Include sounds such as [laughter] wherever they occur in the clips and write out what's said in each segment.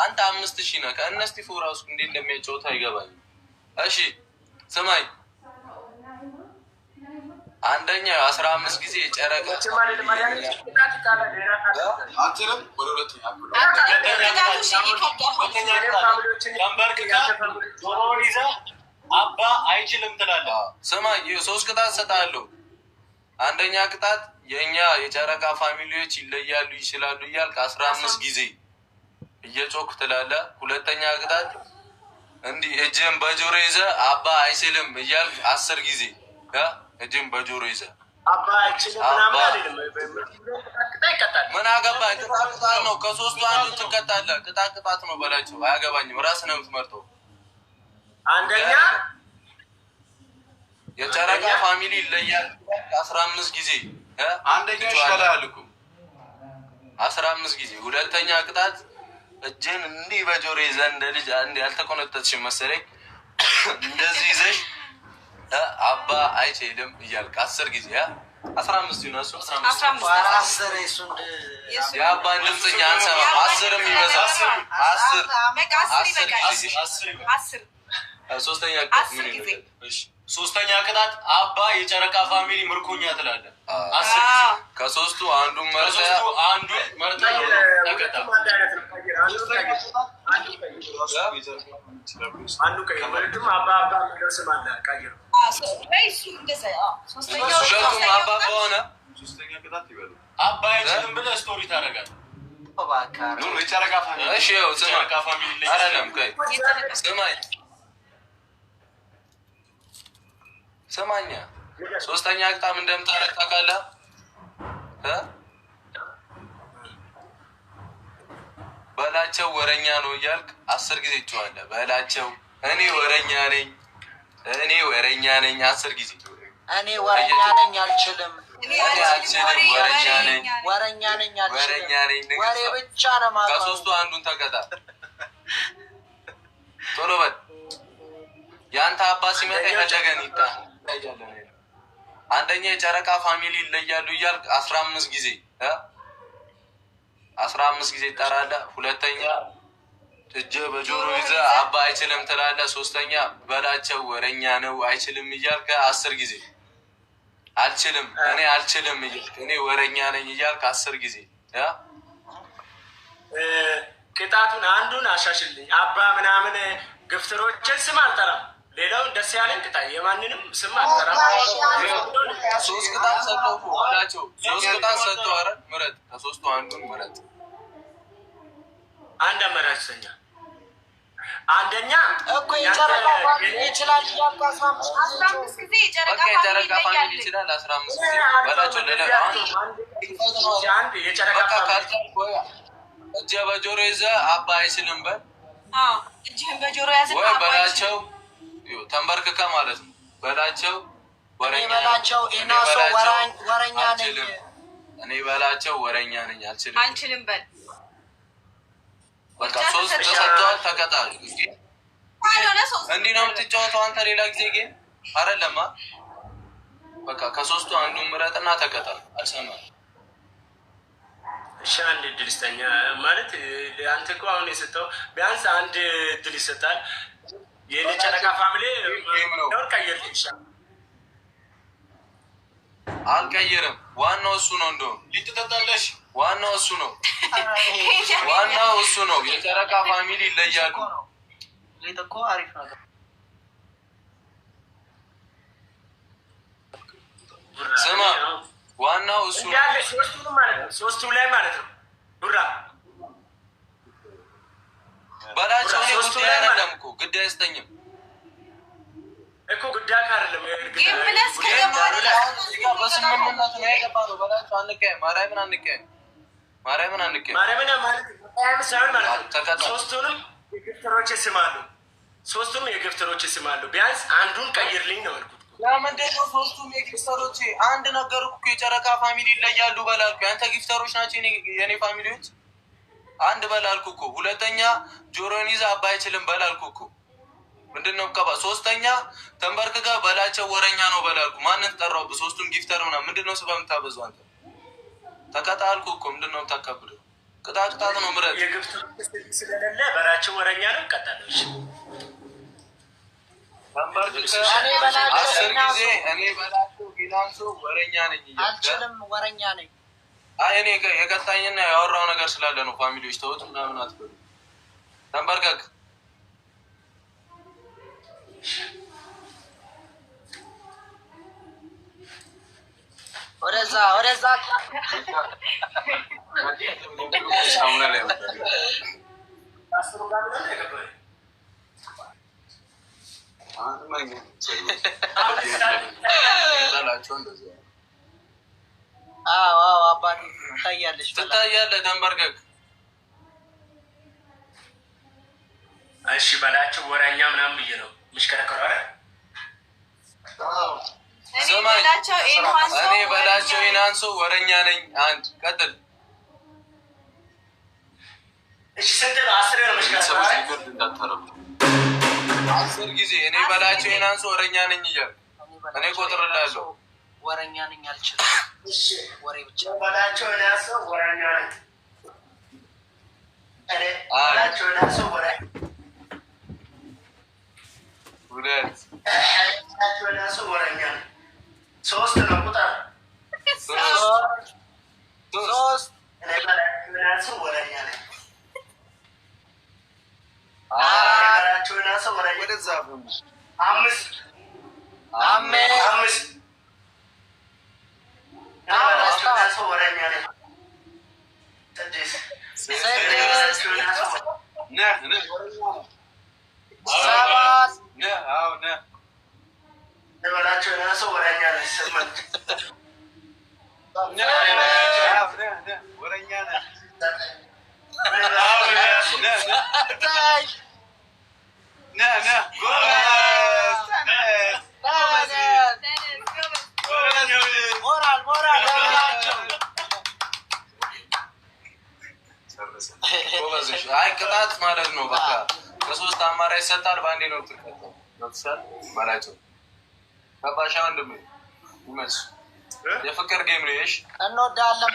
አንተ አምስት ሺህ ነህ። ከእነ እስጢፎ እራሱ እንዴት እንደሚያጫወት አይገባኝም። እሺ ስማኝ፣ አንደኛ አስራ አምስት ጊዜ ጨረቃ አባ አይችልም ትላለህ። ስማ የሶስት ቅጣት ሰጣለሁ። አንደኛ ቅጣት የእኛ የጨረቃ ፋሚሊዎች ይለያሉ ይችላሉ እያልክ አስራ አምስት ጊዜ እየጮክ ትላለህ። ሁለተኛ ቅጣት እንዲህ እጅም በጆሮ ይዘ አባ አይችልም እያልክ አስር ጊዜ እጅም በጆሮ ይዘ ምን አገባኝ። ቅጣት ቅጣት ነው። ከሶስቱ አንዱ ትቀጣለህ። ቅጣት ነው በላቸው። አያገባኝም። ራስ ነው የምትመርጠው አንደኛ የጨረቃ ፋሚሊ ይለያል። አስራ አምስት ጊዜ አንደኛ ይሻላል እኮ አስራ አምስት ጊዜ። ሁለተኛ ቅጣት እጅን እንዲህ በጆሮ ይዘህ እንደ ልጅ አንድ ያልተቆነጠጥሽ መሰለኝ እንደዚህ ይዘሽ አባ አይችልም እያልክ አስር ጊዜ አስራ አምስት ሆነ እሱ የአባን ድምፅኛ አንሰማም። አስርም ይበዛል። አስር አስር ሶስተኛ ሶስተኛ ቅጣት አባ የጨረቃ ፋሚሊ ምርኮኛ ትላለ። ከሶስቱ አንዱ መርጠ አባ ስቶሪ ታደርጋለህ። የጨረቃ ፋሚሊ ሰማኛ ሶስተኛ አቅጣም እንደምታረግ ታውቃለህ። በላቸው ወረኛ ነው እያልክ አስር ጊዜ ይጮሃለህ። በላቸው እኔ ወረኛ ነኝ፣ እኔ ወረኛ ነኝ። አስር ጊዜ እኔ ወረኛ ነኝ፣ አልችልም፣ ከሶስቱ አንዱን ተቀጣ። [laughs] ቶሎ በል። የአንተ አባት ሲመጣ ከጨገን ይጣል አንደኛ የጨረቃ ፋሚሊ ይለያሉ እያልክ አስራ አምስት ጊዜ አስራ አምስት ጊዜ ትጠራለህ። ሁለተኛ እጀ በጆሮ ይዘ አባ አይችልም ትላለህ። ሶስተኛ በላቸው ወረኛ ነው አይችልም እያልክ አስር ጊዜ አልችልም እኔ አልችልም እያልክ እኔ ወረኛ ነኝ እያልክ አስር ጊዜ ቅጣቱን አንዱን አሻሽልኝ አባ ምናምን ግፍትሮችን ስም አልጠራም ሌላውን ደስ ያለን ቅጣ። የማንንም ስም አጠራ። ሶስት ቅጣት ሰጠው ናቸው። ሶስት ቅጣት አረ ምረጥ፣ ከሶስቱ አንዱን ምረጥ። አንድ አመራጭ ሰኛ አንደኛ እኮ የጨረቃ ይችላል አስራ አምስት ጊዜ ይችላል አስራ አምስት ጊዜ በላቸው። በጆሮ አባ አይስልም በል፣ እጅህን በጆሮ ያዝ በላቸው ተንበርክከ ማለት ነው በላቸው ወረኛ ነኝ እኔ በላቸው ወረኛ ነኝ አልችልም አልችልም በል በቃ ሶስት ተሰጥተዋል ተቀጣ እንዲህ ነው የምትጫወተው አንተ ሌላ ጊዜ ግን አይደለማ በቃ ከሶስቱ አንዱ ምረጥና ተቀጣ አልሰማም እሺ አንድ እድል ይስጠኝ ማለት አንተ እኮ አሁን የሰጠው ቢያንስ አንድ እድል ይሰጣል የጨረቃ ፋሚሊ ቀየር ይሻል አልቀየርም። ዋናው እሱ ነው። እንደ ልትጠጣለሽ። ዋናው እሱ ነው። [laughs] ዋናው እሱ ነው። የጨረቃ ፋሚሊ ይለያሉ። ስማ፣ ዋናው እሱ ነው። ሶስቱም ላይ ማለት ነው ቡራ በላቸው። እኔ ጉዳይ አይደለም እኮ ጉዳይ አይሰጠኝም እኮ ጉዳይ ሶስቱም የግፍተሮች ስም አሉ። ቢያንስ አንዱን ቀይርልኝ ነው ያልኩት። ለምንድን ነው ሶስቱም የግፍተሮች አንድ ነገር እኮ የጨረቃ ፋሚሊ ይለያሉ። በላቸው ያንተ ግፍተሮች ናቸው የኔ ፋሚሊዎች አንድ በላልኩ እኮ ሁለተኛ ጆሮን ይዛ አባ አይችልም በላልኩ እኮ ምንድን ነው ቀባ ሶስተኛ ተንበርክ ጋር በላቸው ወረኛ ነው በላልኩ ማንን ጠራው በሶስቱም ጊፍተር ምናምን ምንድን ነው ስበ ምታበዙ አንተ ተቀጣልኩ እኮ ምንድን ነው ታካብደ ቅጣት ቅጣት ነው ምረት የግብት ስለሌለ በላቸው ወረኛ ነው ቀጣለች አስር ጊዜ እኔ በላቸው ቢላንሶ ወረኛ ነኝ አንችልም ወረኛ ነኝ እኔ የቀጣኝና ያወራው ነገር ስላለ ነው። ፋሚሊዎች ተወጡ ምናምን አትበሉ። ተንበርከክ ወደዛ ወደዛ [laughs] ላቸው አባቴ ትታያለሽ ትታያለህ። ደንበርገግ እሺ በላቸው። ወራኛ ምናምን ብዬ ነው ምሽከረከረ እኔ በላቸው ኢናንሶ ወረኛ ነኝ። አንድ ቀጥል። አስር ጊዜ እኔ በላቸው ኢናንሶ ወረኛ ነኝ እያልኩ እኔ ቆጥርላለሁ ወረኛ ነኝ አልችልም። ወሬ ብቻ ሶስት ነው ቁጥር ወረኛ ነኝ አምስት አምስት ነ አይ ቅጣት ማለት ነው። በቃ ከሶስት አማራጭ ይሰጣል። በአንዴ ነው ትቀጣው። ገብቶሻል የፍቅር ጌም ነው። ይሽ እንወዳለን።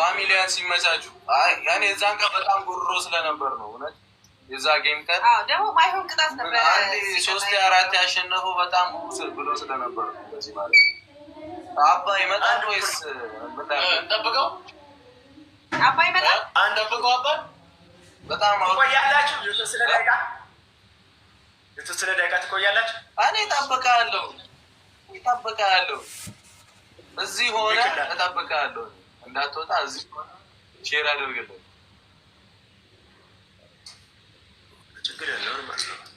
ፋሚሊያን ሲመቻችሁ። እኔ እዛን ቀን በጣም ጉሮ ስለነበር ነው እውነት የዛ ጌም ቀን ደግሞ ማይሆን ቅጣት ነበር። ሶስት አራት በጣም ብሎ ስለነበር በዚህ ይመጣል ወይስ ጠብቀው ይመጣል አንጠብቀው በጣም ያላችሁ የተወሰነ ደቂቃ ትቆያላችሁ። እኔ እጠብቅሃለሁ እዚህ ሆነ እጠብቅሃለሁ እንዳትወጣ እዚህ ሆነ ሼር አደርግልህ ችግር ያለውን ማስገባት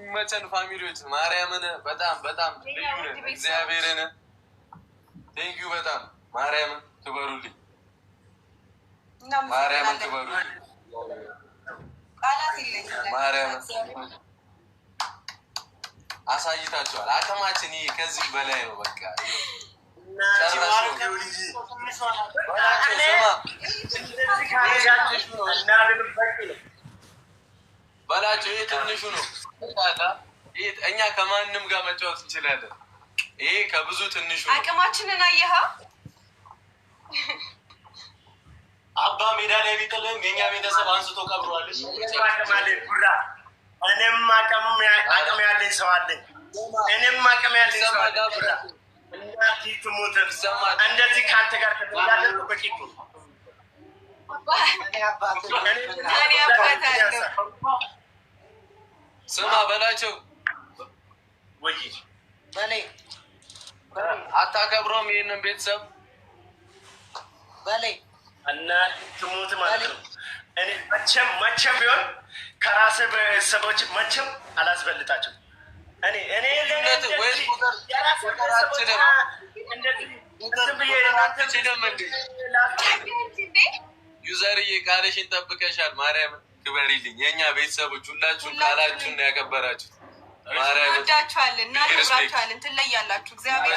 ይመቸን ፋሚሊዎች ማርያምን በጣም በጣም ልዩ ነን። እግዚአብሔርን ቴንኪዩ በጣም ማርያምን ትበሉልኝ፣ ማርያምን ትበሉልኝ፣ ማርያምን አሳይታችኋል። አቅማችን ይሄ ከዚህ በላይ ነው። በቃ በላቸው። ይሄ ትንሹ ነው። እኛ ከማንም ጋር መጫወት እንችላለን። ይሄ ከብዙ ትንሹ አቅማችንን አየሃ አባ ሜዳ ላይ ቢጥልም የኛ ቤተሰብ አንስቶ ቀብሯል። እኔም አቅም ያለኝ ሰው አለኝ። እኔም አቅም ያለኝ ሰው አለኝ። እናትህ ትሙት እንደዚህ ከአንተ ጋር ከተወዳደርኩ በቂ ስማ በላቸው። አታከብረውም ይህንን ቤተሰብ በላይ እናትህ ትሙት ማለት ነው። መቼም ቢሆን ከራስ ቤተሰቦች መቼም አላስበልጣቸው። እኔ እኔ ዩዘርዬ ቃልሽን ጠብቀሻል። ማርያም ክበሪልኝ። የእኛ ቤተሰቦች ሁላችሁን ቃላችሁን ያከበራችሁ ወዳችኋለን እና ትለያላችሁ እግዚአብሔር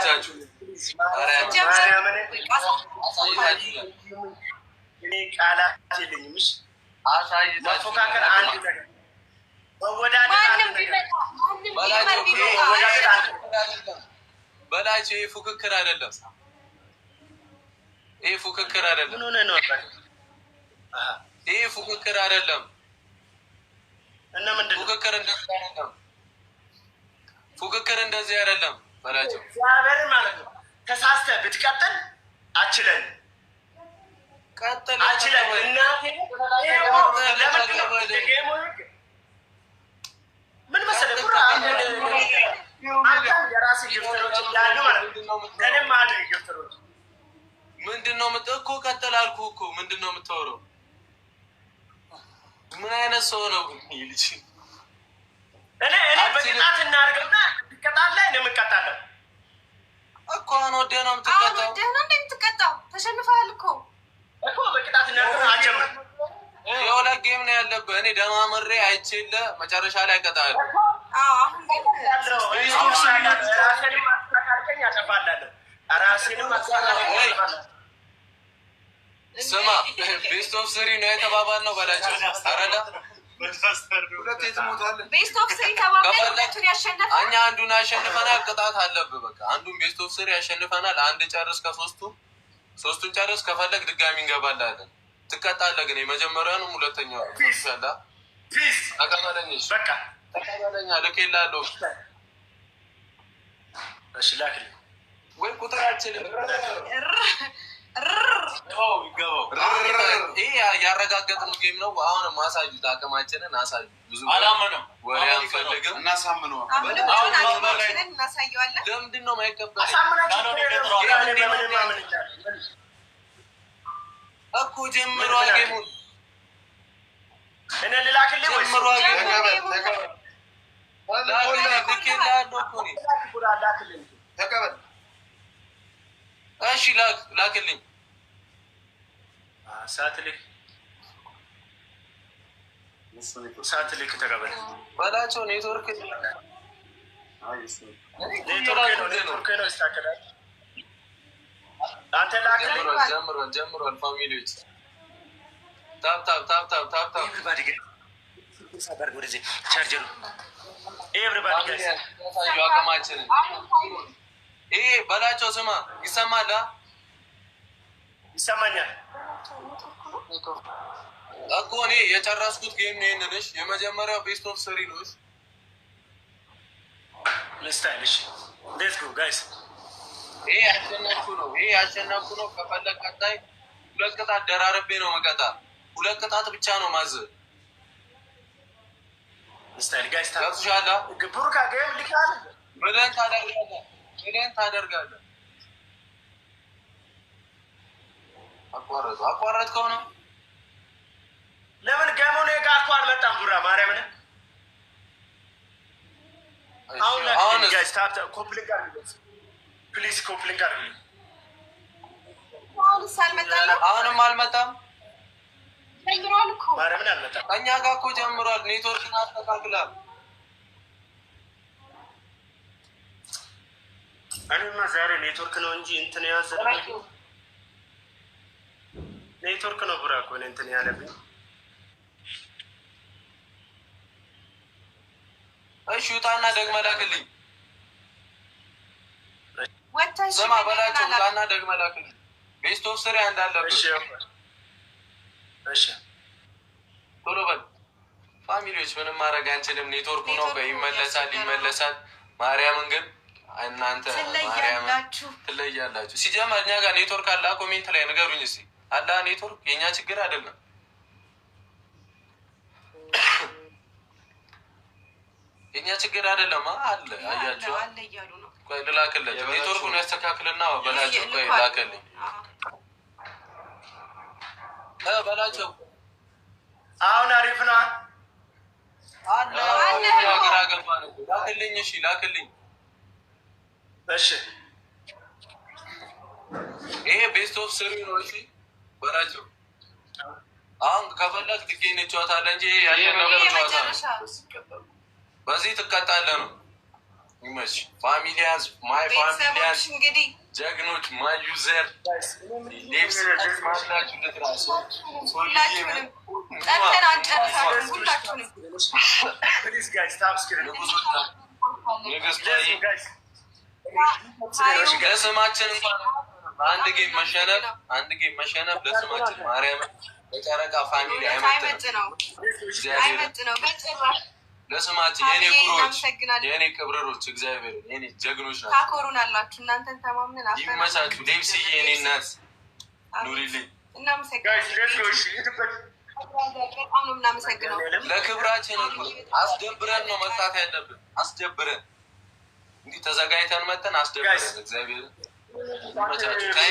ቃላት የለኝም መፎካከር አንድ ነገር በላቸው። ፉክክር አይደለም። ፉክክር አይደለም። ይህ ፉክክር አይደለም። ፉክክር እንደዚህ አይደለም። ፉክክር እንደዚህ በላቸው። ተሳስተህ ብትቀጥል አችለን ምን መሰለህ የራስ ጊፍተሮች እንዳሉ ማለት ነው። እኔም አለ ጊፍተሮች ምንድን ነው ምጥ እኮ ቀጥል አልኩህ እኮ ምንድን ነው የምታወራው? ምን አይነት ሰው ነው ልጅ? እኔ እኔ በቅጣት እናድርግና ትቀጣለህ፣ እኔም እቀጣለሁ እኮ አሁን ወደ ነው የምትቀጣው፣ ወደ ነው እንደምትቀጣው ተሸንፈሃል እኮ አለብህ። እኔ ደማምሬ አይቼለ መጨረሻ ላይ ቀጣል ስማ ቤስት ኦፍ ስሪ ነው የተባባል ነው በላቸው። አረላ እኛ አንዱን ያሸንፈናል፣ ቅጣት አለብህ። በቃ አንዱን ቤስት ኦፍ ስሪ ያሸንፈናል። አንድ ጨርስ ከሶስቱ ሶስቱን ጨርስ። ከፈለግ ድጋሚ እንገባላለን። ትቀጣለህ። ግን የመጀመሪያውኑ ሁለተኛ ሻላ ተቀበለኝሽ ተቀበለኛ ልኬልሃለሁ ወይ ቁጥራችን ይህ ያረጋገጥነው ጌም ነው። አሁን ማሳዩ አቅማችንን አሳዩ። ብዙ አላምንም ወሬ አንፈልግም። እናሳምነዋለን። ለምንድን ነው የማይቀበል? እኮ ጀምሮ አገሙን እኔ ልላክልህ ወይስ ጀምሮ እሺ ላክ ላክልኝ። ሳትልክ ሳትልክ ተቀበል በላቸው። ኔትወርክ ኔትወርክ ነው ይስተካከላል። አንተ ጀምሯል ጀምሯል። ፋሚሊዎች ታብ ታብ ይሄ በላቸው። ስማ ይሰማል፣ ይሰማኛል እኮ እኔ የጨረስኩት ጌም ነው። ይሄንንሽ የመጀመሪያው ቤስት ስሪ ነሽ ሌትስ ጎ ጋይስ ይሄ ያሸነፍኩ ነው፣ ይሄ ያሸነፍኩ ነው። ከፈለግ ቀጣይ ሁለት ቅጣት ደራርቤ ነው መቀጣ። ሁለት ቅጣት ብቻ ነው ማዝ ስታልጋስታሻላ ብሩካ ገም ልካል አቋረጥ አቋረጥ ከሆነ ለምን ገመኑ ጋ እኮ አልመጣም። ቡራ ማርያምን አሁን ኮምፕሊት ጋር ፕሊስ ኮፕሊንግ አርግ። አሁንም አልመጣም። እኛ ጋር እኮ ጀምሯል። ኔትወርክን አስተካክላል። እኔማ ዛሬ ኔትወርክ ነው እንጂ እንትን ያዘ ኔትወርክ ነው ብራ እኮ እንትን ያለብኝ። እሺ ውጣና ደግመህ ላክልኝ። ስማ በላቸው ና ደግመህ ላክልኝ። ቤስት ስሪ አንድ አለብህ። ቶሎ በል ፋሚሊዎች፣ ምንም ማድረግ አንችልም። ኔትወርኩ ነው ይመለሳል፣ ይመለሳል። ማርያምን ግን እናንተ ትለያላችሁ። ሲጀመር እኛ ጋር ኔትወርክ አለ? ኮሜንት ላይ ንገሩኝ እስኪ አለ ኔትወርክ? የእኛ ችግር አይደለም። የእኛ ችግር አይደለም አለ። አያችሁ ልላክለት ኔትወርኩን ያስተካክልና በላቸው ላክልኝ በላቸው። አሁን አሪፍ ነው ላክልኝ። እሺ ላክልኝ። እሺ ይሄ ቤስት ኦፍ ስሪ ነው። እሺ በላቸው። አሁን ከፈለግ ትገኝ ጨዋታ አለ እንጂ ያለ ጨዋታ በዚህ ትቀጣለህ ነው ይመች ፋሚሊያዝ ማይ ፋሚሊያዝ ጀግኖች ማይ ዩዘር ሌብስ ለስማችን አንድ ጌም መሸነፍ አንድ ጌም መሸነፍ ለስማችን ማርያም የጨረቃ ፋሚሊ አይመጥ ነው። ለስማት የኔ ክብሮች የኔ ቅብርሮች እግዚአብሔር የኔ ጀግኖች ናቸው። ታኮሩን አላችሁ እናንተን ተማምነን ይመሳችሁ። ደምሲ የኔ እናት ኑሪልኝ። ለክብራችን አስደብረን ነው መጣት ያለብን። አስደብረን እንዲህ ተዘጋጅተን መጠን አስደብረን እግዚአብሔር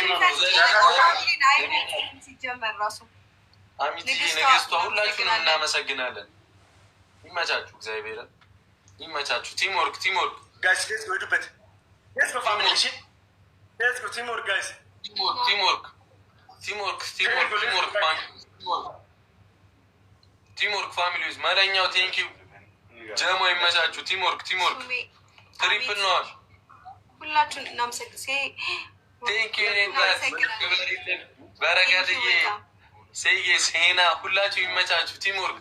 ይመቻችሁ። ሲጀመር ራሱ አሚቲ ነገስቷ ሁላችሁንም እናመሰግናለን። ይመቻችሁ። እግዚአብሔር ይመቻችሁ። ቲምወርክ ቲምወርክ ጋይስ ጋይስ ወዱበት ጋይስ ሄዱበት ቲም ወርክ ጋይስ ቲምወርክ ወርክ ቲምወርክ ቲምወርክ ቲምወርክ ወርክ ቲም ወርክ ቲም ወርክ ፋሚሊዎች ዩ ጀሞ ይመቻችሁ። ቲም ወርክ ቲም ወርክ ትሪፕል ነዋል። ሁላችሁን እናመሰግን። ቴንኪዩ በረከትዬ ሴዬ ሴና ሁላችሁ ይመቻችሁ። ቲምወርክ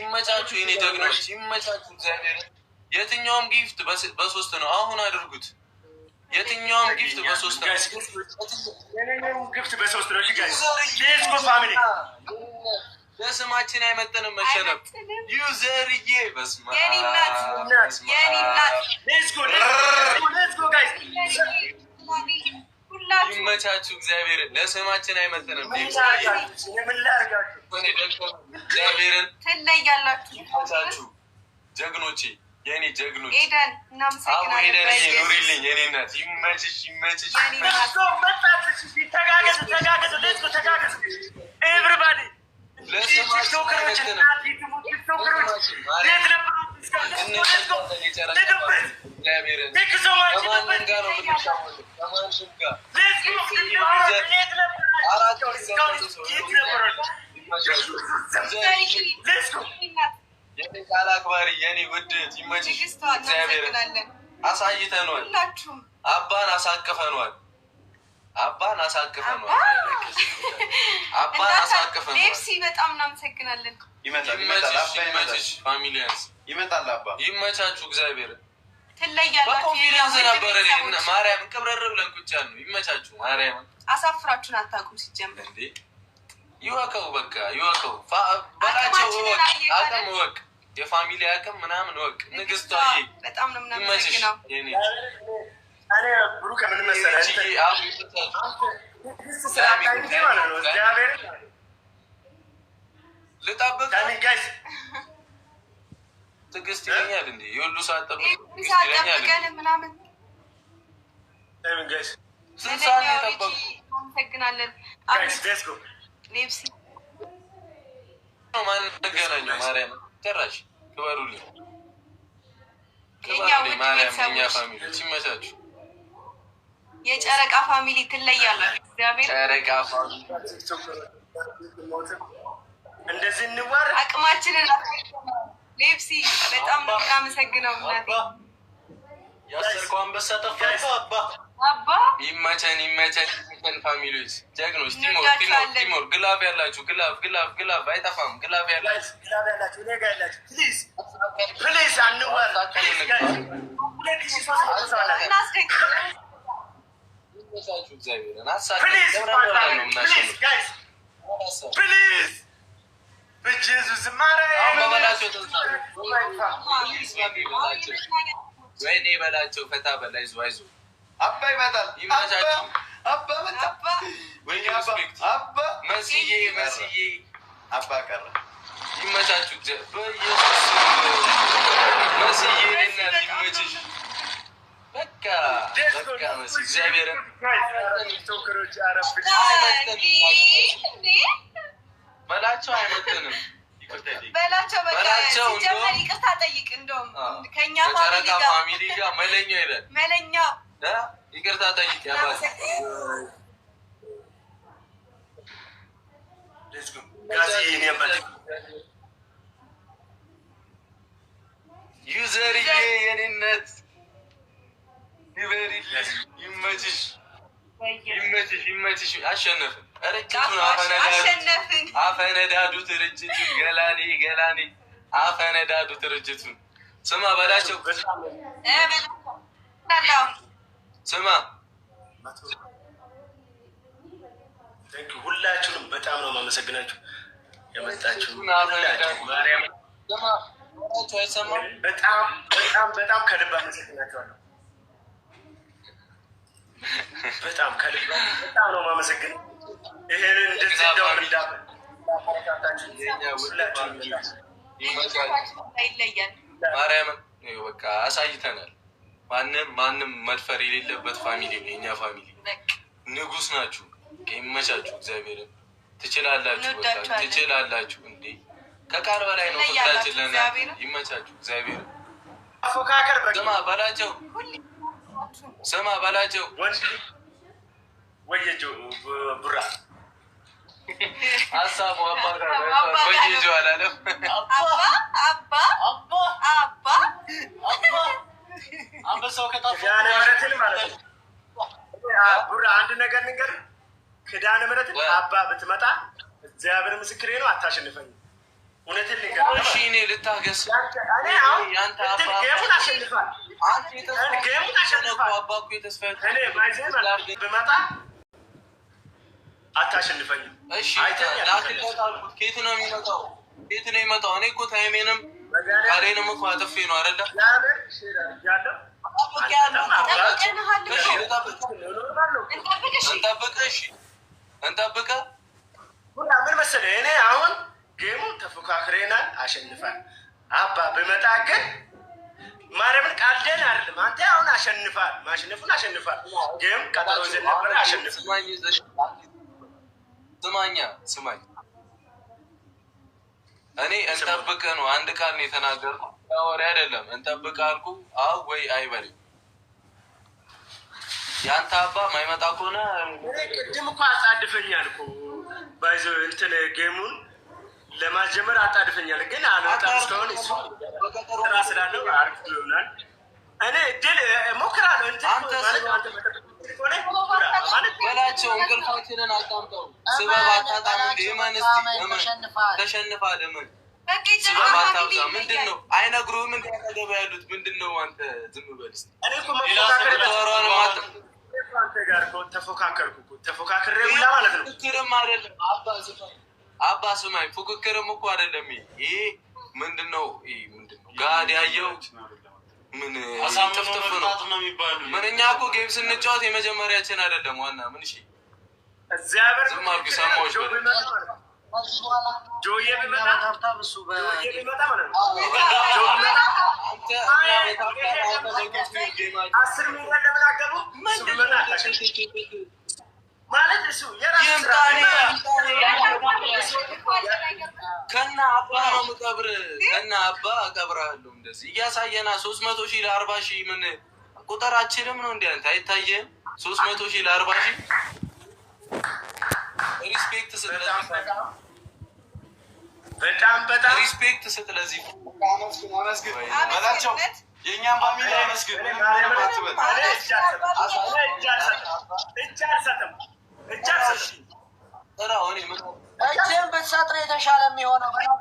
ይመቻችሁ፣ የኔ ጀግኖች ይመቻችሁ። እግዚአብሔር የትኛውም ጊፍት በሶስት ነው። አሁን አድርጉት። የትኛውም ጊፍት በሶስት ነው። በስማችን አይመጠንም መሸለም ዩዘርዬ በስማ ሁላችሁ ይመቻችሁ። እግዚአብሔር ለስማችን አይመጥንም። እግዚአብሔርን ትለያላችሁ። ጀግኖቼ፣ የኔ ጀግኖች ሄደን ኑሪልኝ። የኔ እናት ይመችሽ፣ ይመችሽ። ኤቭሪባዲ ቲክቶከሮች፣ ቲክቶከሮች የት ነበር? የቃል አክባሪ የኔ ውድ ይመችሽ። እግዚአብሔርን አሳይተኗል። አባን አሳቅፈኗል። አባን አሳቅፈኗል። አባን አሳቅፈኗል። በጣም እናመሰግናለን። ይመጣል ይመጣል። አባ ይመችሽ ፋሚሊያንስ ይመጣል። አባ ይመቻቹ። እግዚአብሔር በኮንፊደንስ ነበረ ማርያምን ቅብረር ብለን ቁጭ ነው። ይመቻቹ። ማርያም አሳፍራችሁን አታውቁም። ሲጀምር እንዴ ይወቀው፣ በቃ ይወቀው፣ በላቸው፣ ወቅ፣ አቅም ወቅ፣ የፋሚሊ አቅም ምናምን ወቅ። ንግስቷ በጣም ነው ምናምንሽ ብሩክ ምን መሰለህ ልጣበቅ ትዕግስት ይለኛል እንዴ? የሁሉ ሰዓት ጠብቀን ምናምን ስንት ሰዓት ነው ፋሚሊ የጨረቃ ፋሚሊ ትለያላችሁ። ፋሚሊ እንደዚህ እንዋር አቅማችንን ሌፕሲ በጣም ነው የምናመሰግነው። እናቴ ያሰርኩ አንበሳ ጠፋ። አባ አባ ይመቸን፣ ይመቸን፣ ይመቸን። ፋሚሊዎች ጀግኖች፣ ቲሞር፣ ቲሞር፣ ቲሞር። ግላፍ ያላችሁ ግላፍ፣ ግላፍ፣ ግላፍ አይጠፋም። ግላፍ ያላችሁ ግላፍ ያላችሁ እኔ ጋር ያላችሁ ፕሊዝ፣ ፕሊዝ አንዋር ፕሊዝ በኢየሱስ ወይኔ በላቸው። ፈታ በላይ ዙ አይዞ አባ ይመጣል። ይመቻችሁ። አባ መጣ። አባ መስዬ አባ ቀረ። ይመቻችሁ። በኢየሱስ በላቸው አይመጥንም። በላቸው በላቸው ሲጀመር ይቅርታ ጠይቅ። እንደውም ከኛ ፋሚሊ ጋር መለኛው ይላል መለኛው ይቅርታ ጠይቅ ያባል ዩዘር የኔነት ይበሪልሽ፣ ይመችሽ፣ ይመችሽ፣ ይመችሽ። አሸነፍን ርጭቱን አፈነዳዱት። ርጭቱን ገላኔ ገላኔ አፈነዳዱት። ርጭቱን ስማ በላቸው። ስማ ሁላችሁንም በጣም ነው የማመሰግናችሁ። የመጣችሁ በጣም በጣም በጣም ከልብ አመሰግናችኋለሁ። በጣም ከልብ በጣም ነው የማመሰግነው። ይሄን ማርያምን በቃ አሳይተናል። ማንም ማንም መድፈር የሌለበት ፋሚሊ ነው የእኛ ፋሚሊ። ንጉስ ናችሁ፣ ይመቻችሁ። እግዚአብሔርን ትችላላችሁ፣ ትችላላችሁ። እንዴ ከቃል በላይ ነው ፍቅራችን ለና ይመቻችሁ። እግዚአብሔር ስማ በላቸው፣ ስማ በላቸው ወየጆ ቡራ ሀሳቡ አባወየጆ አላለም። አንበሳው ከጣፉ ቡራ አንድ ነገር ንገር ክዳነ ምረትን አባ ብትመጣ እግዚአብሔር ምስክሬ ነው፣ አታሸንፈኝ። እውነትን ልታገስ ገሙን አሸንፋል። ገሙን አሸንፋል። እኔ ብመጣ አታሸንፈኝም። እሺ ከየት ነው የሚመጣው? ከየት ነው የሚመጣው? እኔ እኮ ታይሜንም ሬንም እኮ አጥፌ ነው አረዳ እንጠብቅህ እንጠብቅህ ሁላ ምን መሰለህ፣ እኔ አሁን ጌሙ ተፎካክሬናል፣ አሸንፋል አባ ብመጣ ግን ማርያምን ቃልደን አይደለም። አንተ አሁን አሸንፋል፣ ማሸነፉን አሸንፋል። ጌም ቀጠሮ ይዘን ነበር፣ አሸንፋል ስማኛ ስማኝ፣ እኔ እንጠብቅ ነው አንድ ቃል ነው የተናገርኩት፣ ወሬ አይደለም። እንጠብቅ አልኩ። አዎ ወይ አይበል የአንተ አባ ማይመጣ ከሆነ ቅድም እኮ አጣድፈኛል እኮ ባይዘ እንትን ጌሙን ለማስጀመር አጣድፈኛል፣ ግን አልወጣም እስካሁን ስራ ስላለው አሪፍ ይሆናል። እኔ ድል ሞክራለሁ። አንተ ናቸው። እንቅልፋችንን አጣምጠው ስበብ አታጣም። ምንድን ነው አይነግሩህም? ያሉት ምንድን ነው? አንተ ዝም አባ ስማኝ፣ ፉክክርም እኮ አይደለም። ይሄ ምንድን ነው ጋድ ያየው ምን ጥፍጥፍ ነው። ምን እኛ እኮ ጌም ስንጫወት የመጀመሪያችን አይደለም። ዋና ምን እሺ ከና አባ ነው ምቀብር ከና አባ እቀብራለሁ። እንደዚህ እያሳየና ሶስት መቶ ሺህ ለአርባ ሺህ ምን ቁጥራችንም ነው እንዲ አንተ ሶስት መቶ ሺህ ለአርባ ሺህ በጣም በጣም ሪስፔክት ስጥ የእኛም ፋሚሊ አይመስግን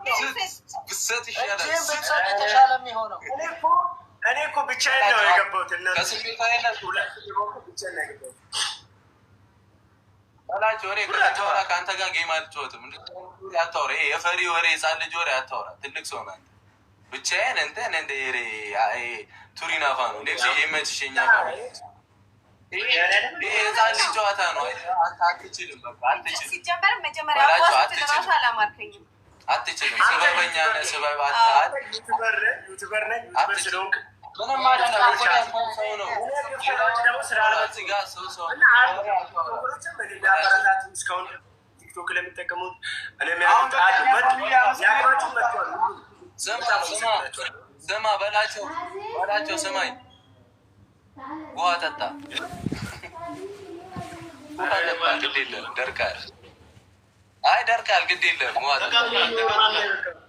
ብትሰጥ የተሻለ የሚሆነው እኔ እኮ ብቻዬን ነው የገባሁት። በላቸው ወሬ ከተወራ ከአንተ ጋር ጌም አልጫወትም። አታውራ የፈሪ ወሬ የጻን ልጅ ወሬ አታውራ። ትልቅ ሰው ናት። ብቻዬን እንትን እንደ ሬ ቱሪናፋ ነው ሌክሲ የመችሸኛ የህፃን ልጅ ጨዋታ ነው። አትችልም፣ አትችልም። ስበበኛ ነህ፣ ስበብ አትችልም። ምንም ቲክቶክ ለሚጠቀሙት ስማ በላቸው በላቸው ስማኝ፣ ውሃ ጠጣ ደርቃል። አይ ደርቃል፣ ግድ የለም ውሃ ጠጣ